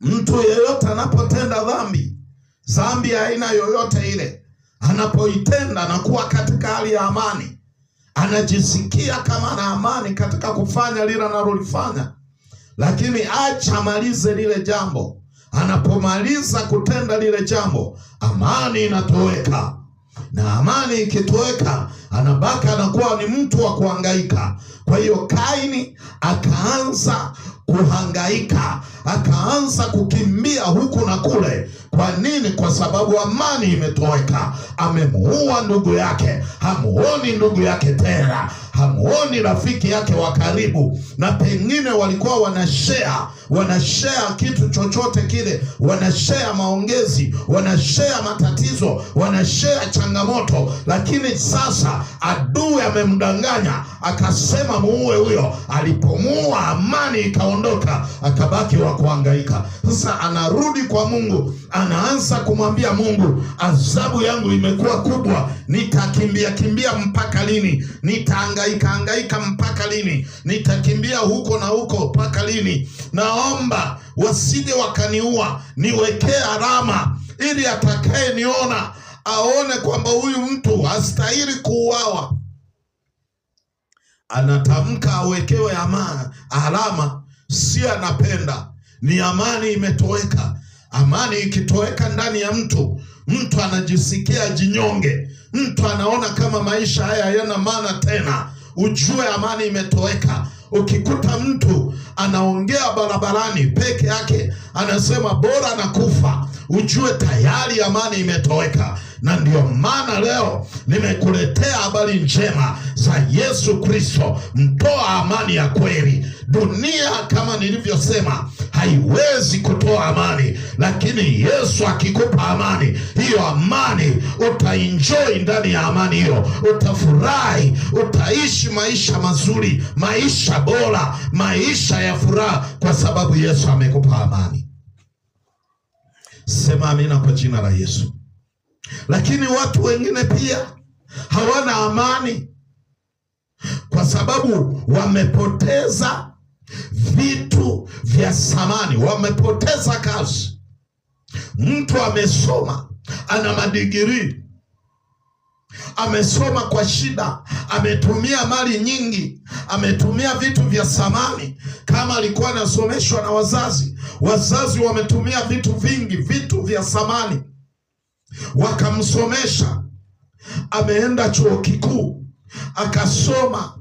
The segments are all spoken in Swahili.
Mtu yeyote anapotenda dhambi, dhambi ya aina yoyote ile, anapoitenda na kuwa katika hali ya amani, anajisikia kama na amani katika kufanya lile analolifanya, lakini acha amalize lile jambo. Anapomaliza kutenda lile jambo, amani inatoweka na amani ikitoweka, anabaki anakuwa ni mtu wa kuhangaika. Kwa hiyo Kaini akaanza kuhangaika, akaanza kukimbia huku na kule kwa nini? Kwa sababu amani imetoweka. Amemuua ndugu yake, hamuoni ndugu yake tena, hamuoni rafiki yake wa karibu, na pengine walikuwa wanashea wanashea kitu chochote kile, wanashea maongezi, wanashea matatizo, wanashea changamoto, lakini sasa adui amemdanganya akasema muue huyo. Alipomuua amani ikaondoka, akabaki wa kuhangaika. Sasa anarudi kwa Mungu, anaanza kumwambia Mungu, adhabu yangu imekuwa kubwa, nitakimbia kimbia mpaka lini? Nitahangaika hangaika mpaka lini? Nitakimbia huko na huko mpaka lini? Naomba wasije wakaniua, niwekee alama ili atakayeniona aone kwamba huyu mtu hastahili kuuawa anatamka awekewe amana alama, si anapenda, ni amani imetoweka. Amani ikitoweka ndani ya mtu, mtu anajisikia jinyonge, mtu anaona kama maisha haya hayana maana tena. Ujue amani imetoweka. Ukikuta mtu anaongea barabarani peke yake, anasema bora nakufa, ujue tayari amani imetoweka. Na ndio maana leo nimekuletea habari njema za Yesu Kristo, mtoa amani ya kweli. Dunia kama nilivyosema haiwezi kutoa amani lakini Yesu akikupa amani hiyo, amani utainjoi ndani ya amani hiyo, utafurahi, utaishi maisha mazuri, maisha bora, maisha ya furaha, kwa sababu Yesu amekupa amani. Sema amina kwa jina la Yesu. Lakini watu wengine pia hawana amani kwa sababu wamepoteza vitu vya samani, wamepoteza kazi Mtu amesoma, ana madigirii, amesoma kwa shida, ametumia mali nyingi, ametumia vitu vya samani. Kama alikuwa anasomeshwa na wazazi, wazazi wametumia vitu vingi, vitu vya samani, wakamsomesha, ameenda chuo kikuu akasoma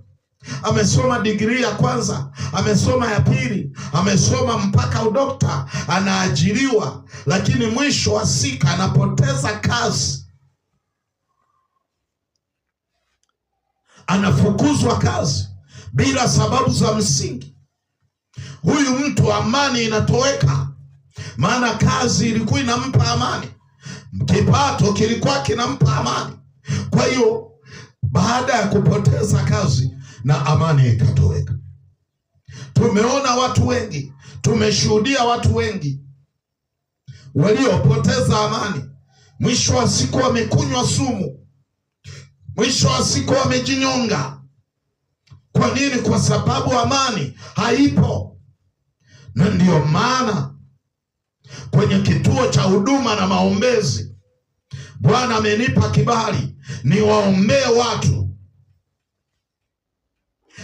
amesoma digrii ya kwanza, amesoma ya pili, amesoma mpaka udokta, anaajiriwa, lakini mwisho wa siku anapoteza kazi, anafukuzwa kazi bila sababu za msingi. Huyu mtu amani inatoweka, maana kazi ilikuwa inampa amani, kipato kilikuwa kinampa amani. Kwa hiyo baada ya kupoteza kazi na amani ikatoweka. Tumeona watu wengi, tumeshuhudia watu wengi waliopoteza amani. Mwisho wa siku wamekunywa sumu, mwisho wa siku wamejinyonga. Kwa nini? Kwa sababu amani haipo, na ndiyo maana kwenye kituo cha huduma na maombezi Bwana amenipa kibali niwaombee watu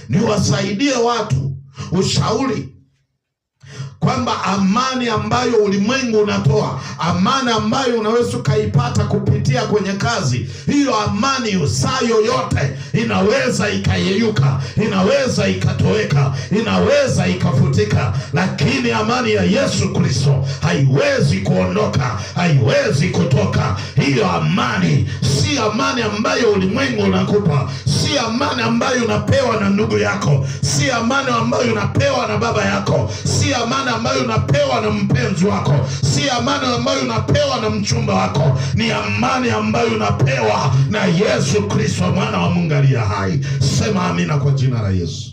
niwasaidie watu ushauri kwamba amani ambayo ulimwengu unatoa, amani ambayo unaweza ukaipata kupitia kwenye kazi hiyo, amani saa yoyote inaweza ikayeyuka, inaweza ikatoweka, inaweza ikafutika, lakini amani ya Yesu Kristo haiwezi kuondoka, haiwezi kutoka. Hiyo amani si amani ambayo ulimwengu unakupa si amani ambayo unapewa na ndugu yako, si amani ambayo unapewa na baba yako, si amani ambayo unapewa na mpenzi wako, si amani ambayo unapewa na mchumba wako, ni amani ambayo unapewa na Yesu Kristo, mwana wa Mungu aliye hai. Sema amina kwa jina la Yesu.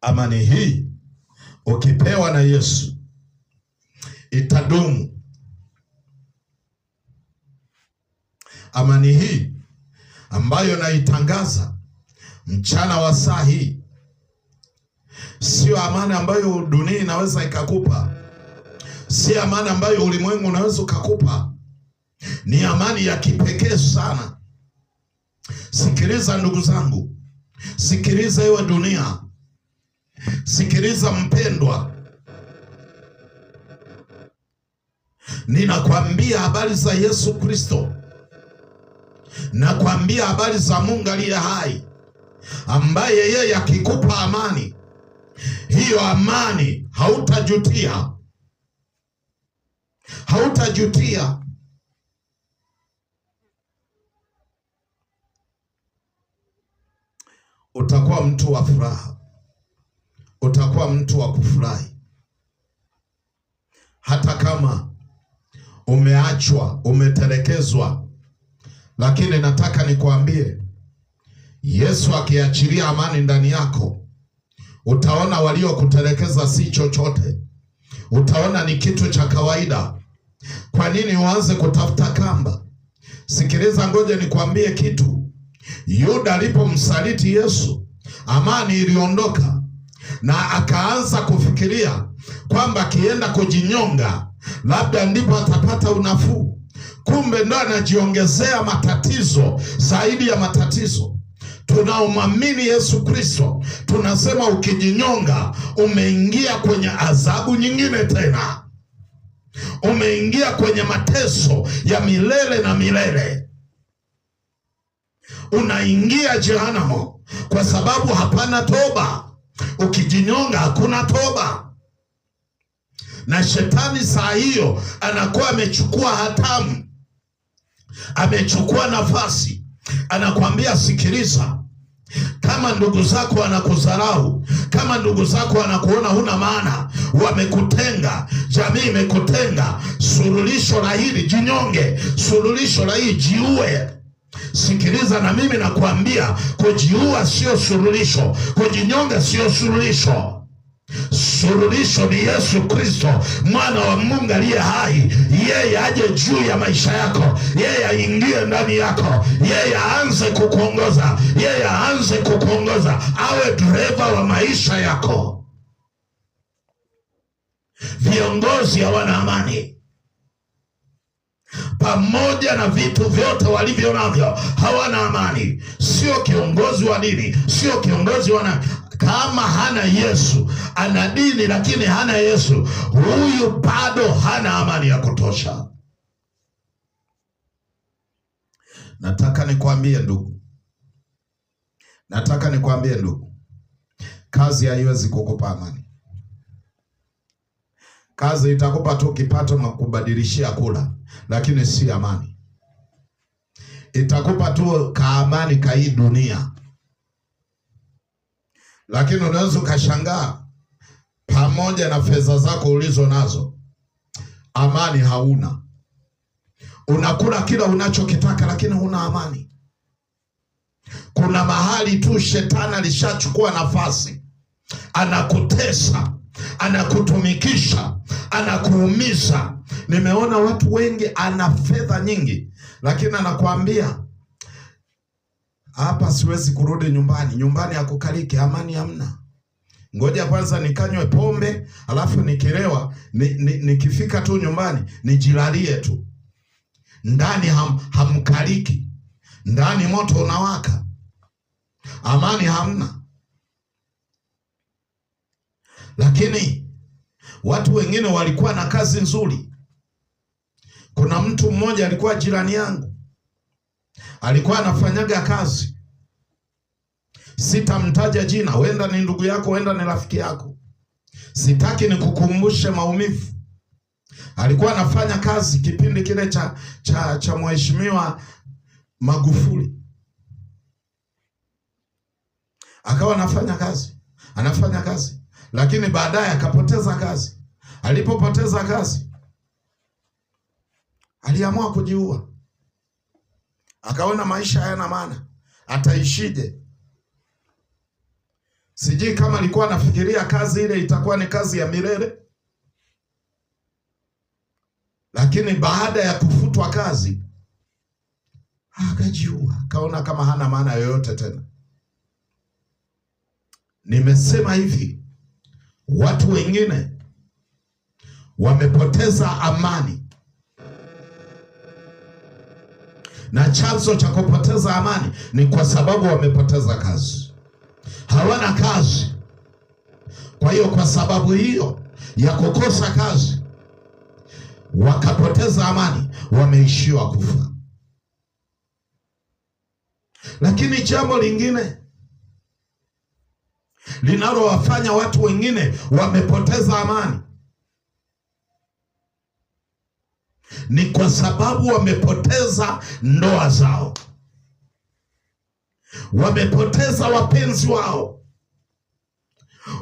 Amani hii ukipewa na Yesu itadumu. Amani hii ambayo naitangaza mchana wa saa hii sio amani ambayo dunia inaweza ikakupa, sio amani ambayo ulimwengu unaweza ukakupa, ni amani ya kipekee sana. Sikiliza ndugu zangu, sikiliza iwe dunia, sikiliza mpendwa, ninakwambia habari za Yesu Kristo na kuambia habari za Mungu aliye hai, ambaye yeye akikupa amani, hiyo amani hautajutia, hautajutia. Utakuwa mtu wa furaha, utakuwa mtu wa kufurahi hata kama umeachwa, umetelekezwa lakini nataka nikuambie, Yesu akiachilia amani ndani yako, utaona waliokutelekeza si chochote, utaona ni kitu cha kawaida. Kwa nini uanze kutafuta kamba? Sikiliza, ngoja nikwambie kitu. Yuda alipomsaliti Yesu, amani iliondoka na akaanza kufikiria kwamba akienda kujinyonga labda ndipo atapata unafuu kumbe ndo anajiongezea matatizo zaidi ya matatizo. Tunaomwamini Yesu Kristo tunasema ukijinyonga, umeingia kwenye adhabu nyingine tena, umeingia kwenye mateso ya milele na milele, unaingia jehanamo kwa sababu hapana toba. Ukijinyonga hakuna toba na shetani saa hiyo anakuwa amechukua hatamu amechukua nafasi, anakwambia sikiliza, kama ndugu zako wanakudharau, kama ndugu zako wanakuona huna maana, wamekutenga, jamii imekutenga, suluhisho la hili jinyonge, suluhisho la hili jiue. Sikiliza, na mimi nakwambia kujiua sio suluhisho, kujinyonga sio suluhisho. Suluhisho ni Yesu Kristo, mwana wa Mungu aliye hai. Yeye aje juu ya maisha yako, yeye aingie ndani yako, yeye aanze kukuongoza, yeye aanze kukuongoza, awe dereva wa maisha yako. Viongozi hawana amani pamoja na vitu vyote walivyo navyo hawana amani. Sio kiongozi wa dini, sio kiongozi wa nani, kama hana Yesu, ana dini lakini hana Yesu, huyu bado hana amani ya kutosha. Nataka nikwambie ndugu, nataka nikwambie ndugu, kazi haiwezi kukupa amani. Kazi itakupa tu kipato na kubadilishia kula, lakini si amani. Itakupa tu kaamani kai dunia lakini unaweza ukashangaa, pamoja na fedha zako ulizo nazo, amani hauna. Unakula kila unachokitaka, lakini huna amani. Kuna mahali tu shetani alishachukua nafasi, anakutesa, anakutumikisha, anakuumiza. Nimeona watu wengi, ana fedha nyingi, lakini anakuambia hapa siwezi kurudi nyumbani, nyumbani hakukaliki, amani hamna. Ngoja kwanza nikanywe pombe, alafu nikilewa ni, ni, nikifika tu nyumbani nijilalie tu ndani, ham, hamkaliki ndani, moto unawaka, amani hamna. Lakini watu wengine walikuwa na kazi nzuri. Kuna mtu mmoja alikuwa jirani yangu alikuwa anafanyaga kazi, sitamtaja jina, wenda ni ndugu yako, wenda ni rafiki yako, sitaki nikukumbushe maumivu. Alikuwa anafanya kazi kipindi kile cha cha, cha mheshimiwa Magufuli, akawa anafanya kazi anafanya kazi, lakini baadaye akapoteza kazi. Alipopoteza kazi, aliamua kujiua akaona maisha hayana maana, ataishije? Sijui kama alikuwa anafikiria kazi ile itakuwa ni kazi ya milele, lakini baada ya kufutwa kazi akajiua, akaona kama hana maana yoyote tena. Nimesema hivi, watu wengine wamepoteza amani na chanzo cha kupoteza amani ni kwa sababu wamepoteza kazi, hawana kazi. Kwa hiyo kwa sababu hiyo ya kukosa kazi wakapoteza amani, wameishiwa kufa. Lakini jambo lingine linalowafanya watu wengine wamepoteza amani ni kwa sababu wamepoteza ndoa zao, wamepoteza wapenzi wao,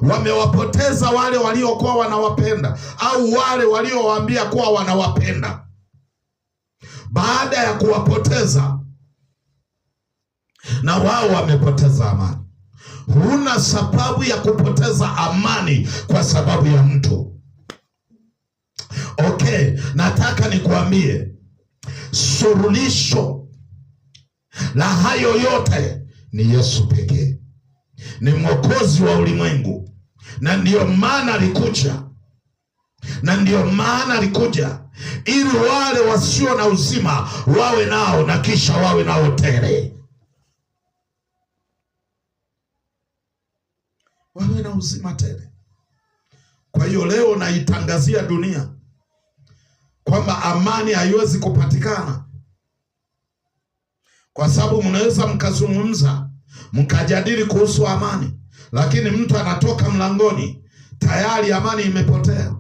wamewapoteza wale waliokuwa wanawapenda au wale waliowaambia kuwa wanawapenda. Baada ya kuwapoteza, na wao wamepoteza amani. Huna sababu ya kupoteza amani kwa sababu ya mtu pekee, nataka nikuambie suluhisho la hayo yote ni Yesu pekee, ni mwokozi wa ulimwengu, na ndiyo maana alikuja, na ndiyo maana alikuja ili wale wasio na uzima wawe nao na kisha wawe nao tele, wawe na uzima tele. Kwa hiyo leo naitangazia dunia kwamba amani haiwezi kupatikana, kwa sababu mnaweza mkazungumza mkajadili kuhusu amani, lakini mtu anatoka mlangoni tayari amani imepotea.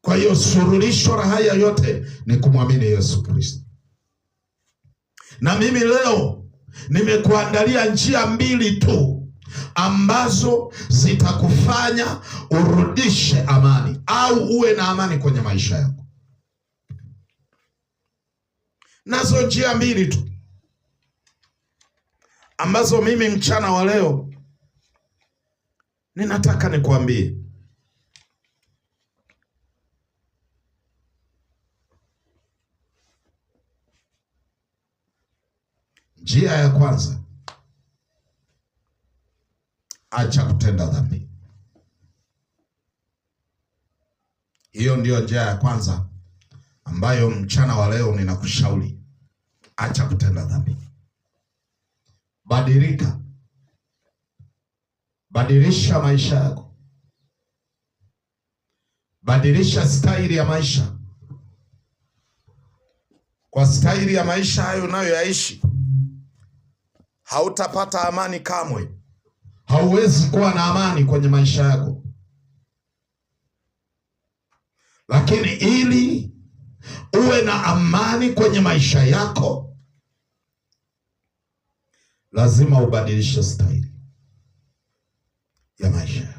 Kwa hiyo suluhisho la haya yote ni kumwamini Yesu Kristo. Na mimi leo nimekuandalia njia mbili tu ambazo zitakufanya urudishe amani au uwe na amani kwenye maisha yako. Nazo njia mbili tu ambazo mimi mchana wa leo ninataka nikuambie. Njia ya kwanza acha kutenda dhambi. Hiyo ndiyo njia ya kwanza ambayo mchana wa leo ninakushauri, acha kutenda dhambi, badilika, badilisha maisha yako, badilisha staili ya maisha kwa staili ya maisha hayo unayoyaishi hautapata amani kamwe hauwezi kuwa na amani kwenye maisha yako. Lakini ili uwe na amani kwenye maisha yako, lazima ubadilishe staili ya maisha.